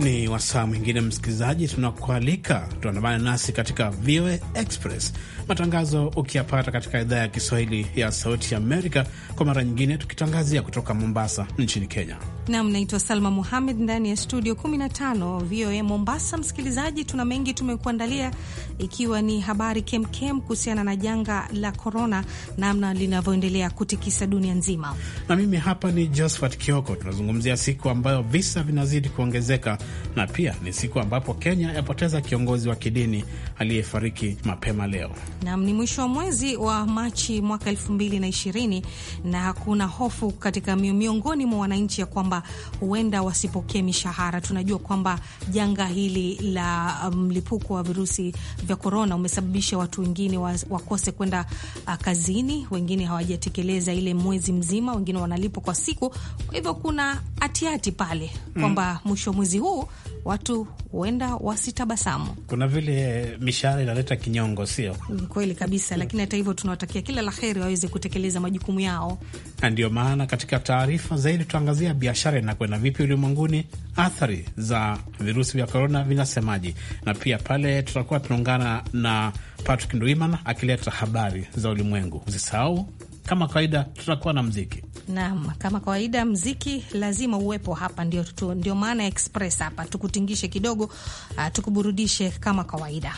Ni wasaa mwingine, msikilizaji, tunakualika tuandamane nasi katika VOA Express matangazo ukiyapata katika idhaa ya Kiswahili ya Sauti Amerika, kwa mara nyingine tukitangazia kutoka Mombasa nchini Kenya. Nam, naitwa Salma Muhamed ndani ya studio 15 VOA Mombasa. Msikilizaji, tuna mengi tumekuandalia, ikiwa ni habari kemkem kuhusiana na janga la korona, namna linavyoendelea kutikisa dunia nzima, na mimi hapa ni Josphat Kioko. Tunazungumzia siku ambayo visa vinazidi kuongezeka na pia ni siku ambapo Kenya yapoteza kiongozi wa kidini aliyefariki mapema leo. Nam, ni mwisho wa mwezi wa Machi mwaka elfu mbili na ishirini na kuna hofu katika miongoni mwa wananchi ya kwamba huenda wasipokee mishahara. Tunajua kwamba janga hili la um, mlipuko um, wa virusi vya korona umesababisha watu wengine wakose kwenda uh, kazini, wengine hawajatekeleza ile mwezi mzima, wengine wanalipwa kwa siku. Kwa hivyo kuna atiati pale mm. kwamba mwisho mm, mwezi huu huu watu huenda wasitabasamu. Kuna vile eh, mishahara inaleta kinyongo, sio kweli kabisa, lakini hata hivyo tunawatakia kila la heri waweze kutekeleza majukumu yao, na ndiyo maana katika taarifa zaidi tutaangazia biashara inakwenda vipi ulimwenguni, athari za virusi vya korona vinasemaje, na pia pale tutakuwa tunaungana na Patrick Ndwimana akileta habari za ulimwengu. Usisahau kama kawaida tutakuwa na mziki. Naam, kama kawaida mziki lazima uwepo hapa, ndio, ndio maana express hapa tukutingishe kidogo, uh, tukuburudishe kama kawaida.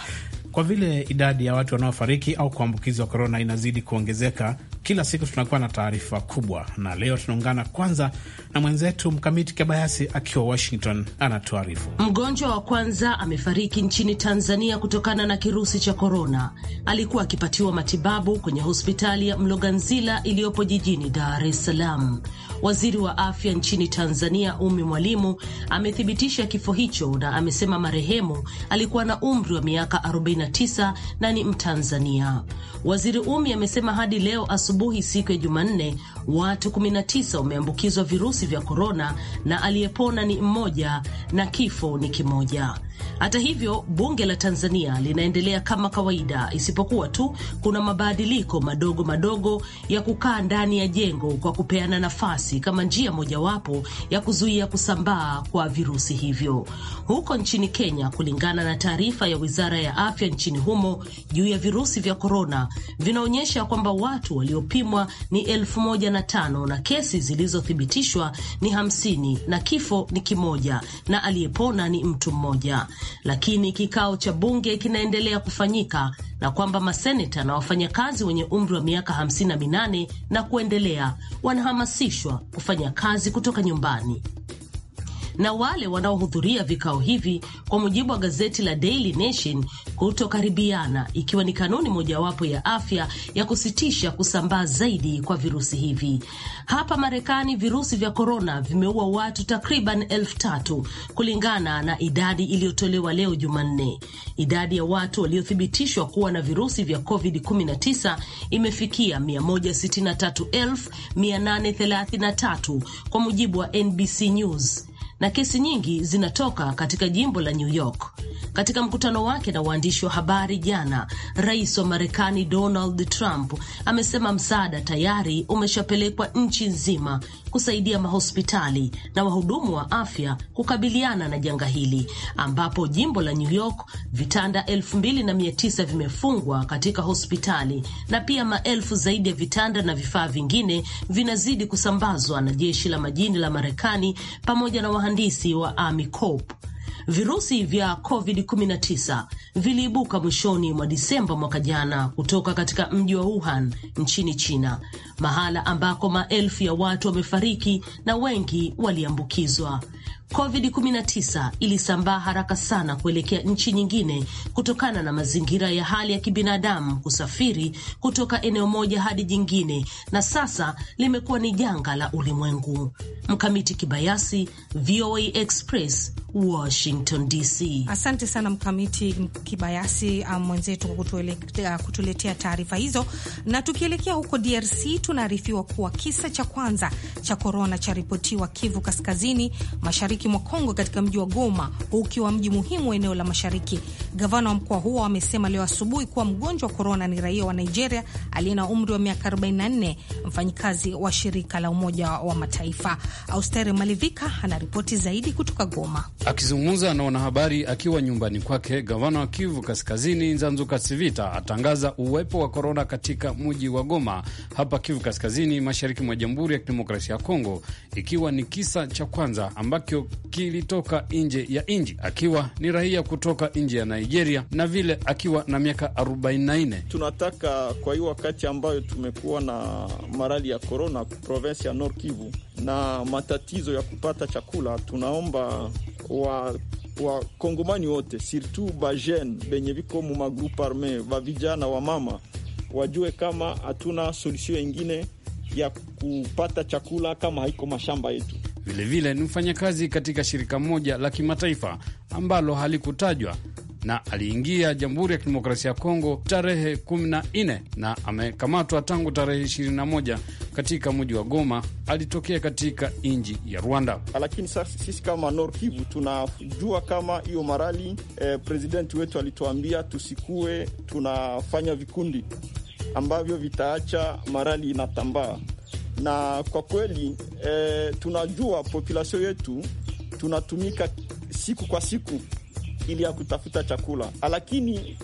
Kwa vile idadi ya watu wanaofariki au kuambukizwa korona inazidi kuongezeka kila siku, tunakuwa na taarifa kubwa, na leo tunaungana kwanza na mwenzetu Mkamiti Kibayasi akiwa Washington anatuarifu. Mgonjwa wa kwanza amefariki nchini Tanzania kutokana na kirusi cha korona. Alikuwa akipatiwa matibabu kwenye hospitali ya Mloganzila iliyopo jijini Dar es Salaam. Waziri wa afya nchini Tanzania Umi Mwalimu amethibitisha kifo hicho na amesema marehemu alikuwa na umri wa miaka 19 na ni Mtanzania. Waziri Umi amesema hadi leo asubuhi siku ya Jumanne watu 19 wameambukizwa virusi vya korona na aliyepona ni mmoja na kifo ni kimoja. Hata hivyo, bunge la Tanzania linaendelea kama kawaida, isipokuwa tu kuna mabadiliko madogo madogo ya kukaa ndani ya jengo kwa kupeana nafasi kama njia mojawapo ya kuzuia kusambaa kwa virusi hivyo. Huko nchini Kenya, kulingana na taarifa ya Wizara ya Afya nchini humo juu ya virusi vya korona, vinaonyesha kwamba watu waliopimwa ni elfu moja na tano na kesi zilizothibitishwa ni hamsini na kifo ni kimoja na aliyepona ni mtu mmoja lakini kikao cha bunge kinaendelea kufanyika na kwamba maseneta na wafanyakazi wenye umri wa miaka 58 na kuendelea wanahamasishwa kufanya kazi kutoka nyumbani na wale wanaohudhuria vikao hivi, kwa mujibu wa gazeti la Daily Nation, kutokaribiana, ikiwa ni kanuni mojawapo ya afya ya kusitisha kusambaa zaidi kwa virusi hivi. Hapa Marekani, virusi vya korona vimeua watu takriban elfu tatu kulingana na idadi iliyotolewa leo Jumanne. Idadi ya watu waliothibitishwa kuwa na virusi vya COVID-19 imefikia 163,833 kwa mujibu wa NBC News na kesi nyingi zinatoka katika jimbo la New York. Katika mkutano wake na waandishi wa habari jana, rais wa Marekani Donald Trump amesema msaada tayari umeshapelekwa nchi nzima kusaidia mahospitali na wahudumu wa afya kukabiliana na janga hili, ambapo jimbo la New York vitanda 2900 vimefungwa katika hospitali na pia maelfu zaidi ya vitanda na vifaa vingine vinazidi kusambazwa na jeshi la majini la Marekani pamoja na wahandisi wa Army Corps. Virusi vya COVID-19 viliibuka mwishoni mwa Disemba mwaka jana kutoka katika mji wa Wuhan nchini China, mahala ambako maelfu ya watu wamefariki na wengi waliambukizwa. COVID-19 ilisambaa haraka sana kuelekea nchi nyingine kutokana na mazingira ya hali ya kibinadamu kusafiri kutoka eneo moja hadi jingine, na sasa limekuwa ni janga la ulimwengu. Mkamiti Kibayasi, VOA Express, Washington DC. Asante sana Mkamiti Kibayasi um, mwenzetu kwa uh, kutuletea taarifa hizo. Na tukielekea huko DRC, tunaarifiwa kuwa kisa cha kwanza cha korona cha ripotiwa Kivu Kaskazini, mashariki mashariki mwa Kongo katika mji wa Goma, huu ukiwa mji muhimu wa eneo la mashariki. Gavana wa mkoa huo amesema leo asubuhi kuwa mgonjwa wa korona ni raia wa Nigeria aliye na umri wa miaka 44, mfanyikazi wa shirika la Umoja wa Mataifa. Austere Malivika anaripoti zaidi kutoka Goma. Akizungumza na wanahabari akiwa nyumbani kwake, gavana wa Kivu Kaskazini Nzanzu Kasivita atangaza uwepo wa korona katika mji wa Goma hapa Kivu Kaskazini, mashariki mwa Jamhuri ya Kidemokrasia ya Kongo, ikiwa ni kisa cha kwanza ambacho kilitoka nje ya nji akiwa ni raia kutoka nje ya Nigeria na vile akiwa na miaka 44. Tunataka kwa hiyo wakati ambayo tumekuwa na marali ya korona provensi ya Nord Kivu na matatizo ya kupata chakula, tunaomba wa wakongomani wote surtout bajen benye viko mu magroupe arme ba vijana wa mama wajue kama hatuna solution ingine ya kupata chakula kama haiko mashamba yetu. Vilevile ni mfanyakazi katika shirika moja la kimataifa ambalo halikutajwa na aliingia Jamhuri ya Kidemokrasia ya Kongo tarehe 14 na amekamatwa tangu tarehe 21 katika mji wa Goma. Alitokea katika nji ya Rwanda, lakini sasa sisi kama Nord Kivu tunajua kama hiyo marali eh, presidenti wetu alituambia tusikue tunafanya vikundi ambavyo vitaacha marali inatambaa na kwa kweli e, tunajua population yetu tunatumika siku kwa siku ili ya kutafuta chakula, lakini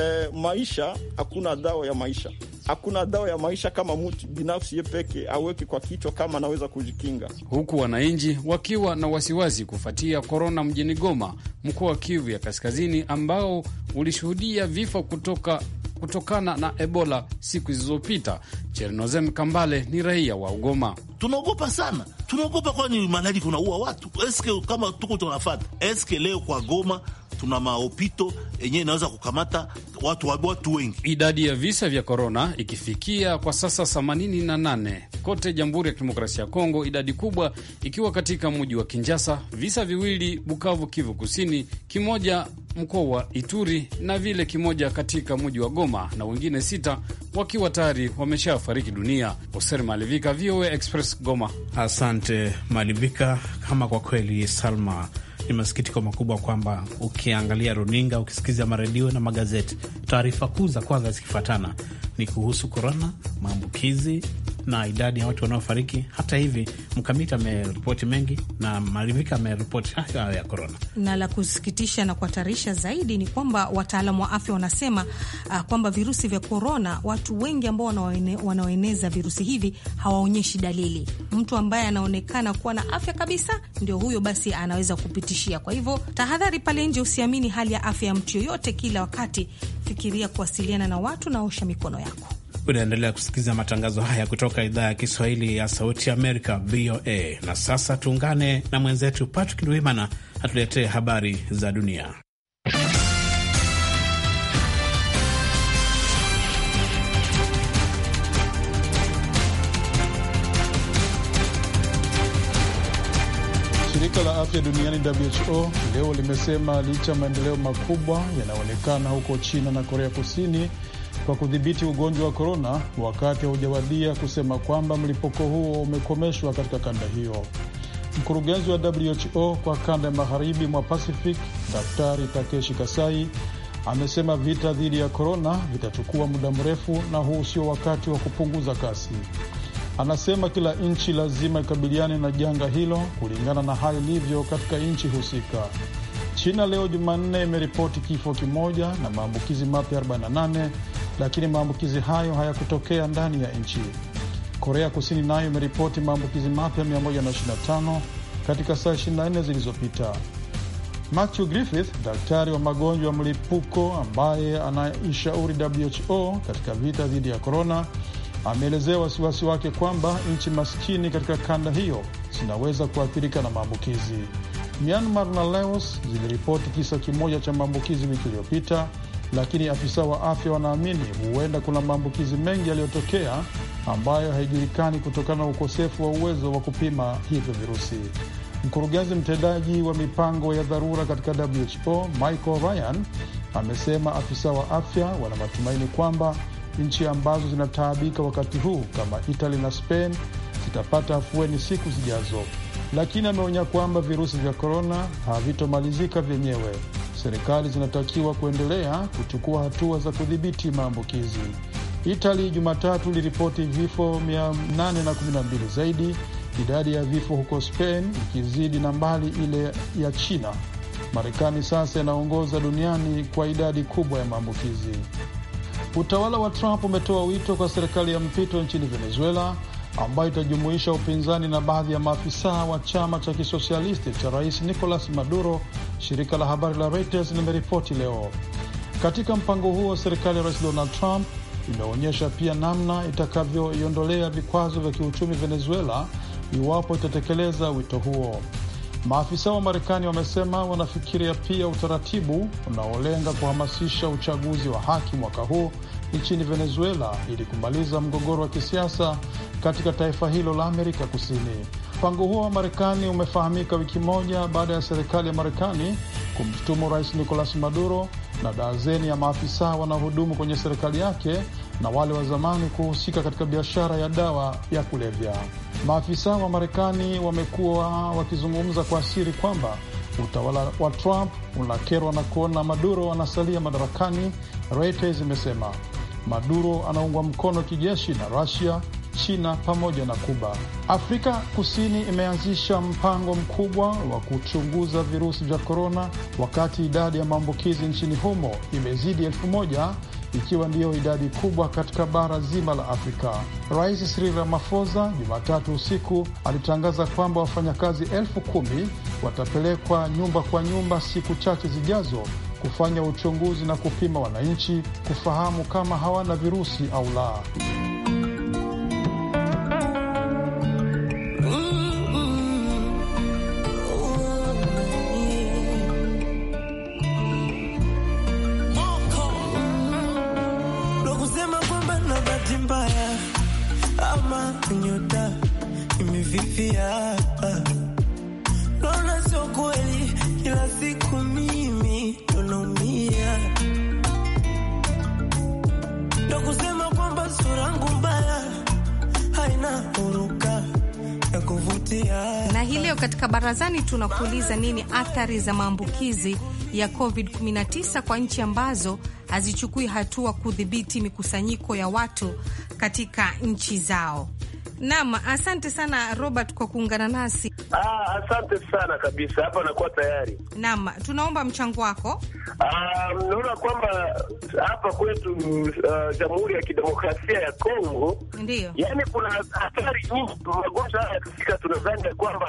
e, maisha, hakuna dawa ya maisha, hakuna dawa ya maisha kama mtu binafsi ye peke aweke kwa kichwa kama anaweza kujikinga, huku wananchi wakiwa na wasiwasi kufuatia korona mjini Goma, mkoa wa Kivu ya Kaskazini, ambao ulishuhudia vifo kutoka kutokana na Ebola siku zilizopita. Chernozem Kambale ni raia wa Ugoma. Tunaogopa sana, tunaogopa kwani maradhi kunaua watu. Eske kama tuko tunafata, eske leo kwa Goma tuna maopito yenyewe inaweza kukamata watu, watu wengi. Idadi ya visa vya korona ikifikia kwa sasa 88 kote Jamhuri ya Kidemokrasia ya Kongo, idadi kubwa ikiwa katika mji wa Kinjasa, visa viwili Bukavu, Kivu Kusini, kimoja mkoa wa Ituri na vile kimoja katika mji wa Goma, na wengine sita wakiwa tayari wameshafariki dunia. Hoser Malivika, VOA Express, Goma. Asante Malivika. Kama kwa kweli Salma ni masikitiko makubwa kwamba ukiangalia runinga, ukisikiza maredio na magazeti, taarifa kuu za kwanza zikifuatana ni kuhusu korona, maambukizi na idadi ya watu wanaofariki. Hata hivi Mkamiti ameripoti mengi na Marivika ameripoti hayo hayo ya korona. Na la kusikitisha na kuhatarisha zaidi ni kwamba wataalamu wa afya wanasema uh, kwamba virusi vya korona, watu wengi ambao wanaoeneza virusi hivi hawaonyeshi dalili. Mtu ambaye anaonekana kuwa na afya kabisa ndio huyo, basi anaweza kupitishia. Kwa hivyo tahadhari pale nje, usiamini hali ya afya ya mtu yoyote kila wakati, fikiria kuwasiliana na watu na osha mikono yako. Unaendelea kusikiliza matangazo haya kutoka idhaa ya Kiswahili ya Sauti Amerika, VOA. Na sasa tuungane na mwenzetu Patrick Duimana atuletee habari za dunia. Shirika la afya duniani WHO leo limesema licha ya maendeleo makubwa yanayoonekana huko China na Korea Kusini kwa kudhibiti ugonjwa wa korona, wakati haujawadia kusema kwamba mlipuko huo umekomeshwa katika kanda hiyo. Mkurugenzi wa WHO kwa kanda ya magharibi mwa Pacific, Daktari Takeshi Kasai amesema vita dhidi ya korona vitachukua muda mrefu na huu sio wakati wa kupunguza kasi. Anasema kila nchi lazima ikabiliane na janga hilo kulingana na hali ilivyo katika nchi husika. China leo Jumanne imeripoti kifo kimoja na maambukizi mapya 48 lakini maambukizi hayo hayakutokea ndani ya nchi. Korea Kusini nayo imeripoti maambukizi mapya 125 katika saa 24 zilizopita. Matthew Griffith, daktari wa magonjwa ya mlipuko ambaye anaishauri WHO katika vita dhidi ya korona, ameelezea wasiwasi wake kwamba nchi maskini katika kanda hiyo zinaweza kuathirika na maambukizi. Myanmar na Laos ziliripoti kisa kimoja cha maambukizi wiki iliyopita, lakini afisa wa afya wanaamini huenda kuna maambukizi mengi yaliyotokea ambayo haijulikani kutokana na ukosefu wa uwezo wa kupima hivyo virusi. Mkurugenzi mtendaji wa mipango ya dharura katika WHO Michael Ryan amesema afisa wa afya wana matumaini kwamba nchi ambazo zinataabika wakati huu kama Itali na Spain zitapata afueni siku zijazo, lakini ameonya kwamba virusi vya korona havitomalizika vyenyewe. Serikali zinatakiwa kuendelea kuchukua hatua za kudhibiti maambukizi. Itali Jumatatu iliripoti vifo 812 zaidi, idadi ya vifo huko Spain ikizidi nambari ile ya China. Marekani sasa inaongoza duniani kwa idadi kubwa ya maambukizi. Utawala wa Trump umetoa wito kwa serikali ya mpito nchini Venezuela ambayo itajumuisha upinzani na baadhi ya maafisa wa chama cha kisosialisti cha rais Nicolas Maduro, shirika la habari la Reuters limeripoti leo. Katika mpango huo, serikali ya rais Donald Trump imeonyesha pia namna itakavyoiondolea vikwazo vya kiuchumi Venezuela iwapo itatekeleza wito huo. Maafisa wa Marekani wamesema wanafikiria pia utaratibu unaolenga kuhamasisha uchaguzi wa haki mwaka huu nchini Venezuela ili kumaliza mgogoro wa kisiasa katika taifa hilo la Amerika Kusini. Mpango huo wa Marekani umefahamika wiki moja baada ya serikali ya Marekani kumshutumu Rais Nicolas Maduro na dazeni ya maafisa wanaohudumu kwenye serikali yake na wale wa zamani kuhusika katika biashara ya dawa ya kulevya. Maafisa wa Marekani wamekuwa wakizungumza kwa siri kwamba utawala wa Trump unakerwa na kuona Maduro anasalia madarakani. Reuters imesema Maduro anaungwa mkono kijeshi na Rusia, China pamoja na Kuba. Afrika Kusini imeanzisha mpango mkubwa wa kuchunguza virusi vya korona, wakati idadi ya maambukizi nchini humo imezidi elfu moja ikiwa ndiyo idadi kubwa katika bara zima la Afrika. Rais Cyril Ramaphosa Jumatatu usiku alitangaza kwamba wafanyakazi elfu kumi watapelekwa nyumba kwa nyumba siku chache zijazo kufanya uchunguzi na kupima wananchi kufahamu kama hawana virusi au la. katika barazani tunakuuliza nini athari za maambukizi ya COVID-19 kwa nchi ambazo hazichukui hatua kudhibiti mikusanyiko ya watu katika nchi zao. Naam, asante sana Robert kwa kuungana nasi. Ah, asante sana kabisa, hapa nakuwa tayari. Naam, tunaomba mchango wako. Ah, naona kwamba hapa kwetu uh, Jamhuri ya Kidemokrasia ya Kongo ndio, yani kuna hatari nyingi. Magonjwa haya yakifika, tunadhani ya kwamba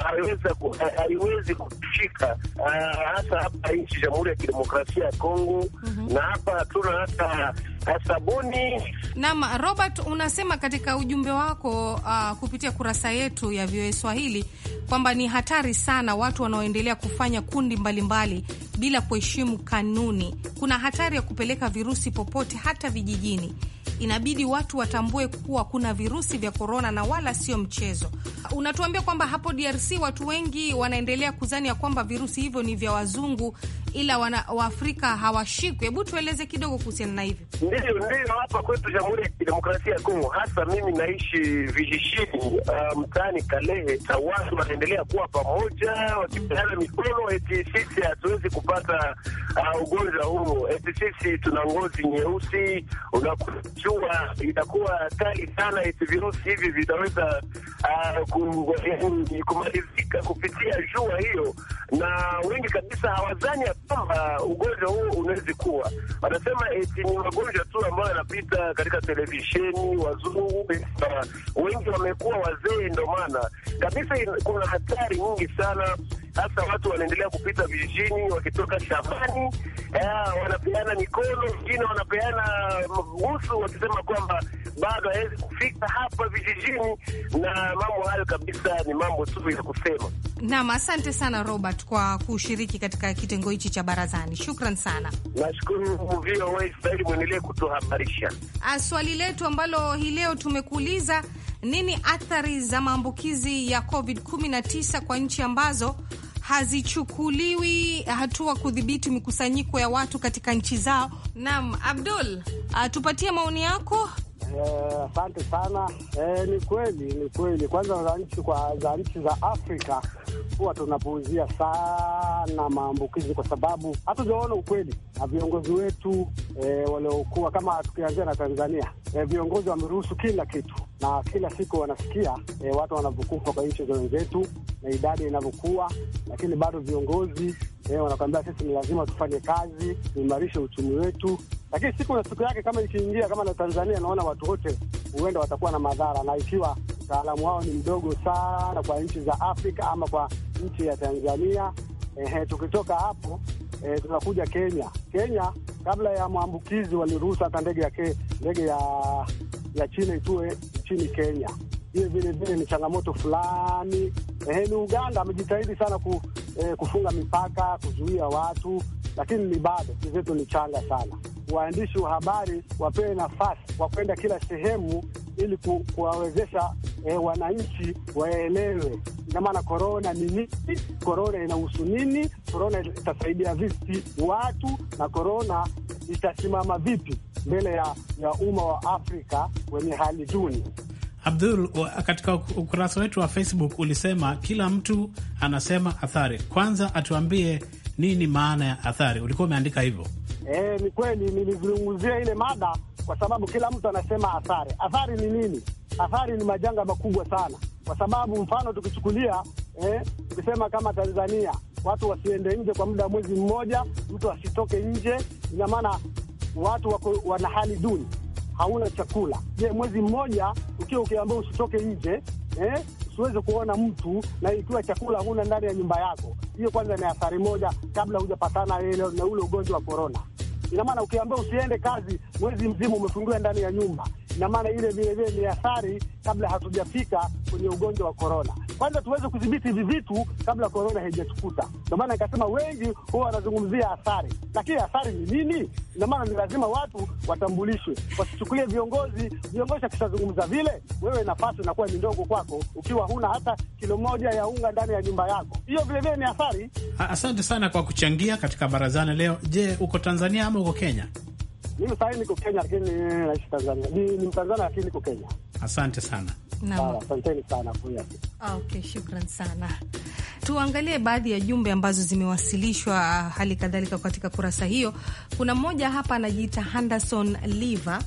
haiwezi kushika ah, hasa hapa nchi Jamhuri ya Kidemokrasia ya Kongo, mhm. na hapa hatuna hata sabuni. Naam, Robert, unasema katika ujumbe wako uh, kupitia kurasa yetu ya VOA Swahili kwamba ni hatari sana watu wanaoendelea kufanya kundi mbalimbali mbali, bila kuheshimu kanuni. Kuna hatari ya kupeleka virusi popote, hata vijijini. Inabidi watu watambue kuwa kuna virusi vya korona na wala sio mchezo. Unatuambia kwamba hapo DRC watu wengi wanaendelea kuzani ya kwamba virusi hivyo ni vya wazungu ila wana, Waafrika hawashikwi. Hebu tueleze kidogo kuhusiana na hivyo. ndio ndio hapa kwetu Jamhuri ya Kidemokrasia ya Kongo, hasa mimi naishi vijijini, mtaani uh, mtaani Kalehe, na watu wanaendelea kuwa pamoja wakipeana mikono, eti sisi hatuwezi kupata uh, ugonjwa huo, eti sisi tuna ngozi nyeusi. Unakuchua itakuwa kali sana, eti virusi hivi vitaweza uh, kumalizika kupitia jua hiyo, na wengi kabisa hawazani kwamba uh, ugonjwa huo unawezi kuwa, wanasema eti ni magonjwa tu ambayo yanapita katika televisheni. Wazungu wengi wamekuwa wazee, ndo maana kabisa kuna hatari nyingi sana hasa watu wanaendelea kupita vijijini wakitoka shambani, eh, wanapeana mikono, wengine wanapeana busu, uh, wakisema kwamba bado hawezi kufika hapa vijijini, na mambo hayo kabisa ni mambo tu ya kusema. Naam, asante sana Robert kwa kushiriki katika kitengo hichi cha barazani, shukran sana. Nashukuru VOA Swahili, mwendelee kutuhabarisha. Ah, swali letu ambalo hii leo tumekuuliza, nini athari za maambukizi ya COVID-19 kwa nchi ambazo hazichukuliwi hatua kudhibiti mikusanyiko ya watu katika nchi zao. Naam, Abdul, ah, tupatie maoni yako Eh, asante eh, sana eh, ni kweli ni kweli. Kwanza za nchi kwa za nchi za Afrika huwa tunapuuzia sana maambukizi, kwa sababu hatujaona ukweli na viongozi wetu eh, waliokuwa kama, tukianzia na Tanzania eh, viongozi wameruhusu kila kitu na kila siku wanasikia eh, watu wanavyokufa kwa nchi za wenzetu na idadi inavyokuwa, lakini bado viongozi eh, wanakwambia sisi ni lazima tufanye kazi, tuimarishe uchumi wetu, lakini siku na siku yake kama ikiingia kama na Tanzania, naona watu wote huenda watakuwa na madhara, na ikiwa utaalamu wao ni mdogo sana kwa nchi za Afrika ama kwa nchi ya Tanzania. Eh, tukitoka hapo eh, tunakuja Kenya. Kenya kabla ya maambukizi waliruhusu hata ndege ya, ndege ya ya China itue nchini Kenya hiyo vile vile ni changamoto fulani. Eh, ni Uganda amejitahidi sana ku, eh, kufunga mipaka, kuzuia watu, lakini ni bado nchi zetu ni changa sana. Waandishi wa habari wapewe nafasi wa kwenda kila sehemu ili ku, kuwawezesha eh, wananchi waelewe ina maana korona ni nini, korona inahusu nini, korona itasaidia vipi watu na korona itasimama vipi mbele ya, ya umma wa Afrika wenye hali duni. Abdul, katika ukurasa wetu wa Facebook ulisema kila mtu anasema athari. Kwanza atuambie nini maana ya athari, ulikuwa umeandika hivyo? E, ni kweli nilizungumzia ile mada kwa sababu kila mtu anasema athari. Athari ni nini? Athari ni majanga makubwa sana, kwa sababu mfano tukichukulia, eh, tukisema kama Tanzania watu wasiende nje kwa muda wa mwezi mmoja, mtu asitoke nje, ina maana watu wako wana hali duni hauna chakula. Je, mwezi mmoja ukiwa ukiambia usitoke nje eh, usiweze kuona mtu na ikiwa chakula huna ndani ya nyumba yako, hiyo kwanza ni athari moja, kabla hujapatana na ule ugonjwa wa korona. Ina maana ukiambia usiende kazi, mwezi mzima umefungiwa ndani ya nyumba na maana ile vilevile ni athari kabla hatujafika kwenye ugonjwa wa korona. Kwanza tuweze kudhibiti hivi vitu kabla korona haijatukuta. Ndo maana nikasema wengi huwa wanazungumzia athari, lakini athari ni nini? Ndo maana ni lazima watu watambulishwe, wasichukulie viongozi. Viongozi akishazungumza vile, wewe nafasi inakuwa ni ndogo kwako, ukiwa huna hata kilo moja ya unga ndani ya nyumba yako, hiyo vilevile ni athari. Asante sana kwa kuchangia katika barazani leo. Je, uko Tanzania ama uko Kenya? Mimi saa niko Kenya, lakini naishi Tanzania. Ni Mtanzania, lakini niko Kenya. Asante sana. Ah, asanteni sana. Ah, okay, shukran sana. Tuangalie baadhi ya jumbe ambazo zimewasilishwa ah, hali kadhalika katika kurasa hiyo. Kuna mmoja hapa anajiita Henderson Liver,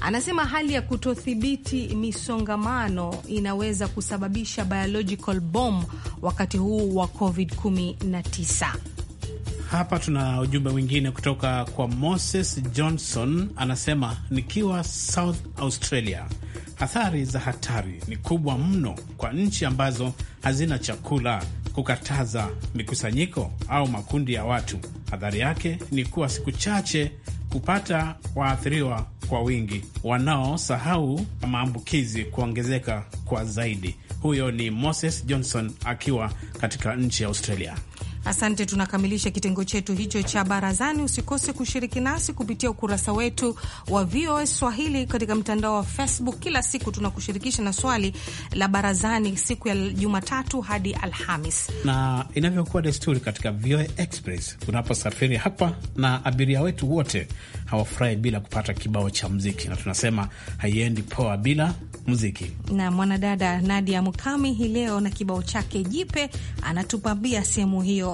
anasema hali ya kutothibiti misongamano inaweza kusababisha biological bomb wakati huu wa COVID-19. Hapa tuna ujumbe mwingine kutoka kwa Moses Johnson, anasema nikiwa South Australia, athari za hatari ni kubwa mno kwa nchi ambazo hazina chakula kukataza mikusanyiko au makundi ya watu. Athari yake ni kuwa siku chache kupata waathiriwa kwa wingi, wanaosahau maambukizi kuongezeka kwa zaidi. Huyo ni Moses Johnson akiwa katika nchi ya Australia. Asante, tunakamilisha kitengo chetu hicho cha barazani. Usikose kushiriki nasi kupitia ukurasa wetu wa VOA Swahili katika mtandao wa Facebook. Kila siku tunakushirikisha na swali la barazani siku ya Jumatatu hadi Alhamis, na inavyokuwa desturi katika VOA Express, unaposafiri hapa na abiria wetu wote hawafurahi bila kupata kibao cha mziki, na tunasema haiendi poa bila mziki. Na mwanadada Nadia Mukami hii leo na kibao chake jipe anatupambia sehemu hiyo.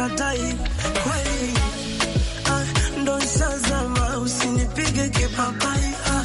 sikatai kweli, ah, ndo nshazama, usinipige kipapai ah,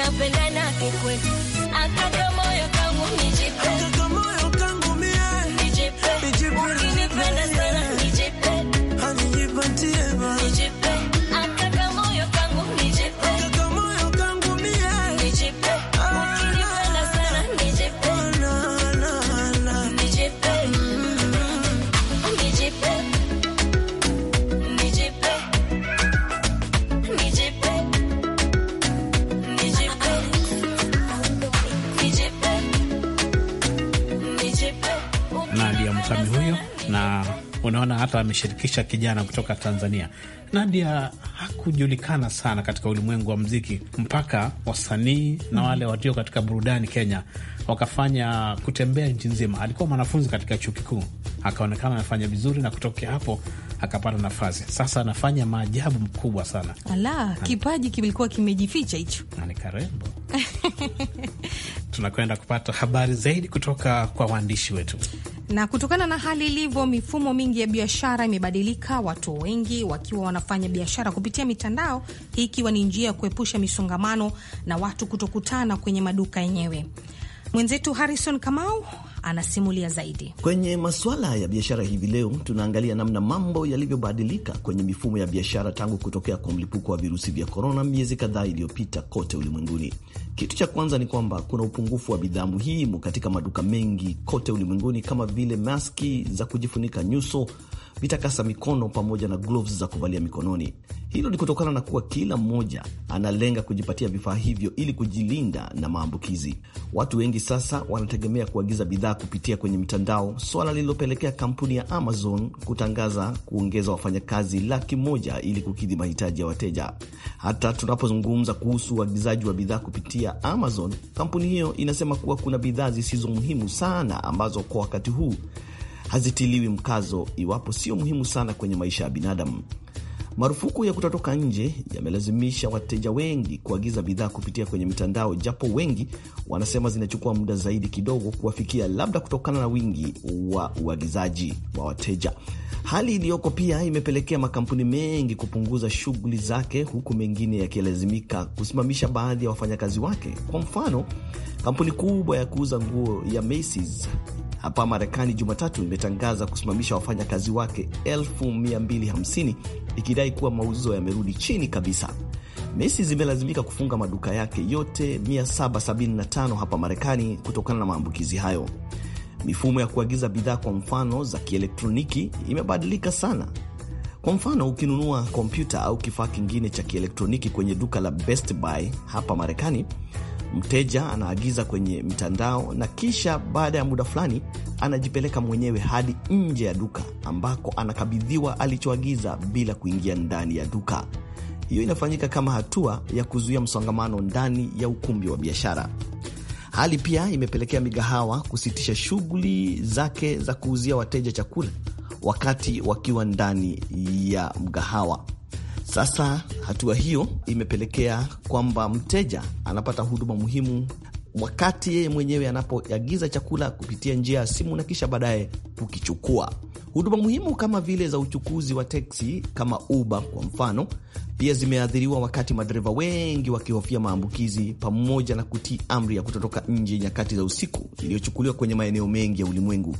i na kikweli akaka moyo kangu nijipe nijipe ukinipenda sana nijipe hanijipatie nijipe maana hata ameshirikisha kijana kutoka Tanzania. Nadia hakujulikana sana katika ulimwengu wa mziki mpaka wasanii na wale walio katika burudani Kenya wakafanya kutembea nchi nzima. Alikuwa mwanafunzi katika chuo kikuu akaonekana anafanya vizuri, na kutokea hapo akapata nafasi. Sasa anafanya maajabu mkubwa sana. Ala, kipaji kilikuwa kimejificha hicho, na ni karembo tunakwenda kupata habari zaidi kutoka kwa waandishi wetu. Na kutokana na hali ilivyo, mifumo mingi ya biashara imebadilika, watu wengi wakiwa wanafanya biashara kupitia mitandao, hii ikiwa ni njia ya kuepusha misongamano na watu kutokutana kwenye maduka yenyewe. Mwenzetu Harrison Kamau anasimulia zaidi. Kwenye masuala ya biashara hivi leo tunaangalia namna mambo yalivyobadilika kwenye mifumo ya biashara tangu kutokea kwa mlipuko wa virusi vya korona miezi kadhaa iliyopita kote ulimwenguni. Kitu cha kwanza ni kwamba kuna upungufu wa bidhaa muhimu katika maduka mengi kote ulimwenguni kama vile maski za kujifunika nyuso, vitakasa mikono pamoja na gloves za kuvalia mikononi. Hilo ni kutokana na kuwa kila mmoja analenga kujipatia vifaa hivyo ili kujilinda na maambukizi. Watu wengi sasa wanategemea kuagiza bidhaa kupitia kwenye mitandao, swala lililopelekea kampuni ya Amazon kutangaza kuongeza wafanyakazi laki moja ili kukidhi mahitaji ya wateja. Hata tunapozungumza kuhusu uagizaji wa bidhaa kupitia ya Amazon, kampuni hiyo inasema kuwa kuna bidhaa zisizo muhimu sana ambazo kwa wakati huu hazitiliwi mkazo iwapo sio muhimu sana kwenye maisha ya binadamu. Marufuku ya kutotoka nje yamelazimisha wateja wengi kuagiza bidhaa kupitia kwenye mitandao, japo wengi wanasema zinachukua muda zaidi kidogo kuwafikia, labda kutokana na wingi wa uagizaji wa wateja. Hali iliyoko pia imepelekea makampuni mengi kupunguza shughuli zake, huku mengine yakilazimika kusimamisha baadhi ya wafanyakazi wake. Kwa mfano, kampuni kubwa ya kuuza nguo ya Macy's hapa Marekani Jumatatu imetangaza kusimamisha wafanyakazi wake 250 ikidai kuwa mauzo yamerudi chini kabisa. mesi zimelazimika kufunga maduka yake yote 775 hapa Marekani kutokana na maambukizi hayo. Mifumo ya kuagiza bidhaa kwa mfano za kielektroniki imebadilika sana. Kwa mfano, ukinunua kompyuta au kifaa kingine cha kielektroniki kwenye duka la Best Buy hapa Marekani, Mteja anaagiza kwenye mtandao na kisha baada ya muda fulani anajipeleka mwenyewe hadi nje ya duka ambako anakabidhiwa alichoagiza bila kuingia ndani ya duka. Hiyo inafanyika kama hatua ya kuzuia msongamano ndani ya ukumbi wa biashara. Hali pia imepelekea migahawa kusitisha shughuli zake za kuuzia wateja chakula wakati wakiwa ndani ya mgahawa. Sasa hatua hiyo imepelekea kwamba mteja anapata huduma muhimu wakati yeye mwenyewe anapoagiza chakula kupitia njia ya simu na kisha baadaye kukichukua. Huduma muhimu kama vile za uchukuzi wa teksi kama Uber kwa mfano, pia zimeathiriwa, wakati madereva wengi wakihofia maambukizi pamoja na kutii amri ya kutotoka nje nyakati za usiku iliyochukuliwa kwenye maeneo mengi ya ulimwengu.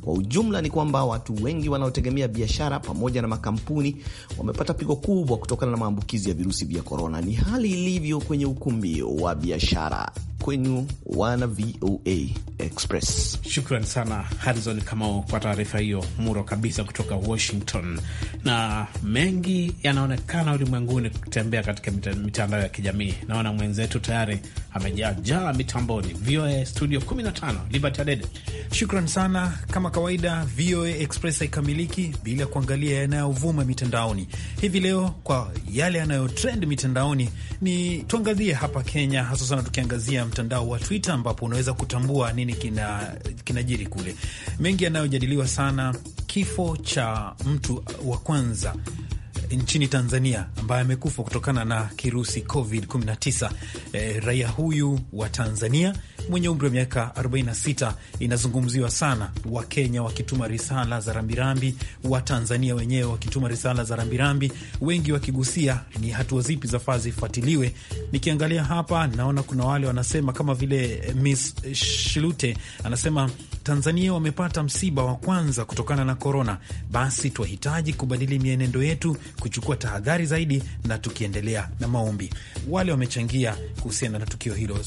Kwa ujumla ni kwamba watu wengi wanaotegemea biashara pamoja na makampuni wamepata pigo kubwa kutokana na maambukizi ya virusi vya korona. Ni hali ilivyo kwenye ukumbi wa biashara kwenu wana VOA Express. Shukran sana Harizon Kamau kwa taarifa hiyo muro kabisa kutoka Washington. Na mengi yanaonekana ulimwenguni kutembea katika mitandao ya kijamii. Naona mwenzetu tayari amejaajaa mitamboni. VOA studio 15 Adede, shukran sana. Kama kawaida, VOA Express haikamiliki bila kuangalia yanayovuma mitandaoni hivi leo. Kwa yale yanayotrend mitandaoni, ni tuangazie hapa Kenya, hasa sana tukiangazia mtandao wa Twitter ambapo unaweza kutambua nini kinajiri kina kule. Mengi yanayojadiliwa sana, kifo cha mtu wa kwanza nchini Tanzania ambaye amekufa kutokana na kirusi COVID-19. E, raia huyu wa Tanzania mwenye umri wa miaka 46 inazungumziwa sana, Wakenya wakituma risala za rambirambi, Watanzania wenyewe wakituma risala za rambirambi, wengi wakigusia ni hatua zipi zafaa zifuatiliwe. Nikiangalia hapa naona kuna wale wanasema kama vile Miss Shilute anasema Tanzania wamepata msiba wa kwanza kutokana na korona, basi twahitaji kubadili mienendo yetu, kuchukua tahadhari zaidi, na tukiendelea na maombi wale wamechangia kuhusiana na tukio hilo.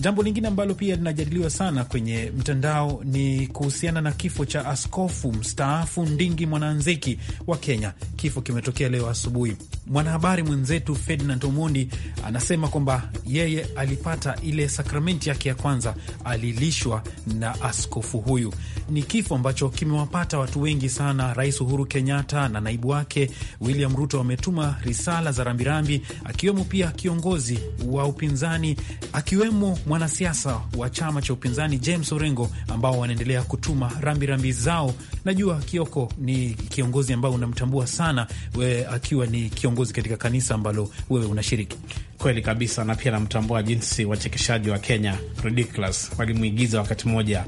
Jambo lingine ambalo pia linajadiliwa sana kwenye mtandao ni kuhusiana na kifo cha askofu mstaafu Ndingi mwananziki wa Kenya. Kifo kimetokea leo asubuhi. Mwanahabari mwenzetu Ferdinand Omondi anasema kwamba yeye alipata ile sakramenti yake ya kwanza, alilishwa na askofu huyu. Ni kifo ambacho kimewapata watu wengi sana. Rais Uhuru Kenyatta na naibu wake William Ruto wametuma risala za rambirambi, akiwemo pia kiongozi wa upinzani, akiwemo mwanasiasa wa chama cha upinzani James Orengo, ambao wanaendelea kutuma rambirambi rambi zao. Najua Kioko ni kiongozi ambao unamtambua sana we, akiwa ni kiongozi katika kanisa ambalo wewe unashiriki. Kweli kabisa, na pia namtambua jinsi wachekeshaji wa Kenya Ridiculous walimwigiza wakati mmoja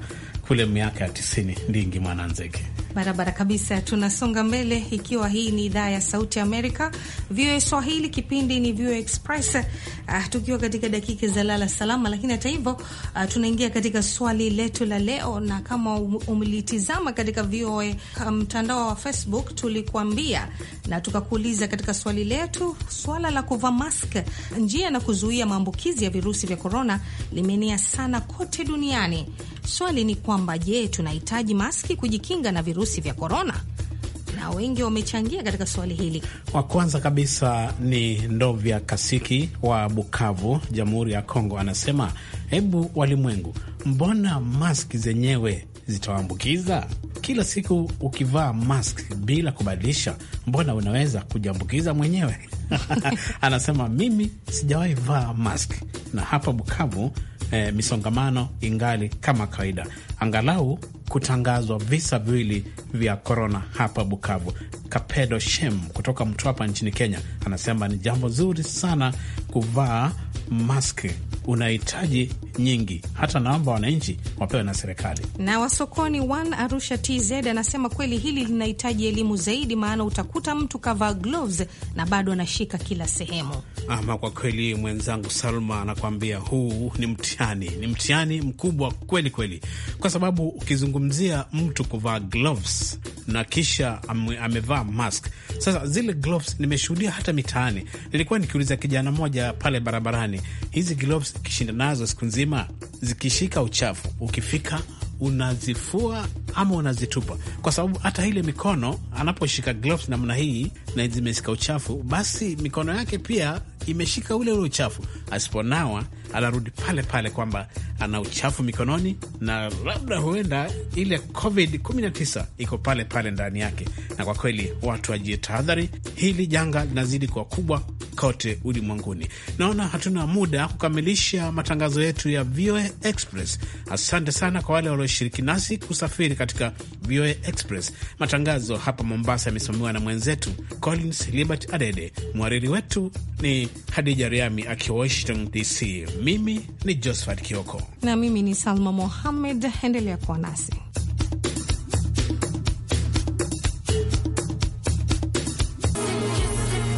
kule miaka ya tisini. Ndingi Mwananzeke Barabara kabisa, tunasonga mbele, ikiwa hii ni idhaa ya Sauti Amerika, VOA Swahili. Kipindi ni VOA Express, uh, tukiwa katika dakika za lala salama, lakini hata hivyo uh, tunaingia katika swali letu la leo, na kama umlitizama katika VOA ah, mtandao um, wa Facebook, tulikuambia na tukakuuliza katika swali letu, swala la kuvaa mask, njia na kuzuia maambukizi ya virusi vya korona, limeenea sana kote duniani. Swali ni kwamba je, tunahitaji maski kujikinga na virusi virusi vya korona, na wengi wamechangia katika swali hili. Wa kwanza kabisa ni Ndovya Kasiki wa Bukavu, Jamhuri ya Kongo, anasema hebu walimwengu, mbona maski zenyewe zitawaambukiza? Kila siku ukivaa mask bila kubadilisha, mbona unaweza kujiambukiza mwenyewe? Anasema mimi sijawahi vaa mask na hapa Bukavu eh, misongamano ingali kama kawaida angalau kutangazwa visa viwili vya korona hapa Bukavu. Kapedo Shem kutoka Mtwapa nchini Kenya anasema ni jambo zuri sana kuvaa maski unahitaji nyingi, hata naomba wananchi wapewe na serikali. Na wasokoni wan Arusha TZ anasema kweli hili linahitaji elimu zaidi, maana utakuta mtu kavaa gloves na bado anashika kila sehemu. Ama kwa kweli, mwenzangu Salma anakuambia huu ni mtihani, ni mtihani mkubwa kweli kweli, kwa sababu ukizungumzia mtu kuvaa gloves na kisha ame, amevaa mask. Sasa zile gloves nimeshuhudia hata mitaani, nilikuwa nikiuliza kijana moja pale barabarani, hizi gloves kishinda nazo siku nzima zikishika uchafu, ukifika unazifua ama wanazitupa, kwa sababu hata ile mikono anaposhika gloves namna hii na zimeshika uchafu, basi mikono yake pia imeshika ule ule uchafu. Asiponawa anarudi pale pale kwamba ana uchafu mikononi, na labda huenda ile COVID 19 iko pale pale ndani yake. Na kwa kweli watu wajie tahadhari, hili janga linazidi kuwa kubwa kote ulimwenguni. Naona hatuna muda kukamilisha matangazo yetu ya VOA Express. Asante sana kwa wale walioshiriki nasi kusafiri katika VOA Express. Matangazo hapa Mombasa yamesimamiwa na mwenzetu Collins Libert Adede. Mhariri wetu ni Hadija Riami akiwa Washington DC. Mimi ni Josephat Kioko na mimi ni Salma Mohamed. Endelea kuwa nasi.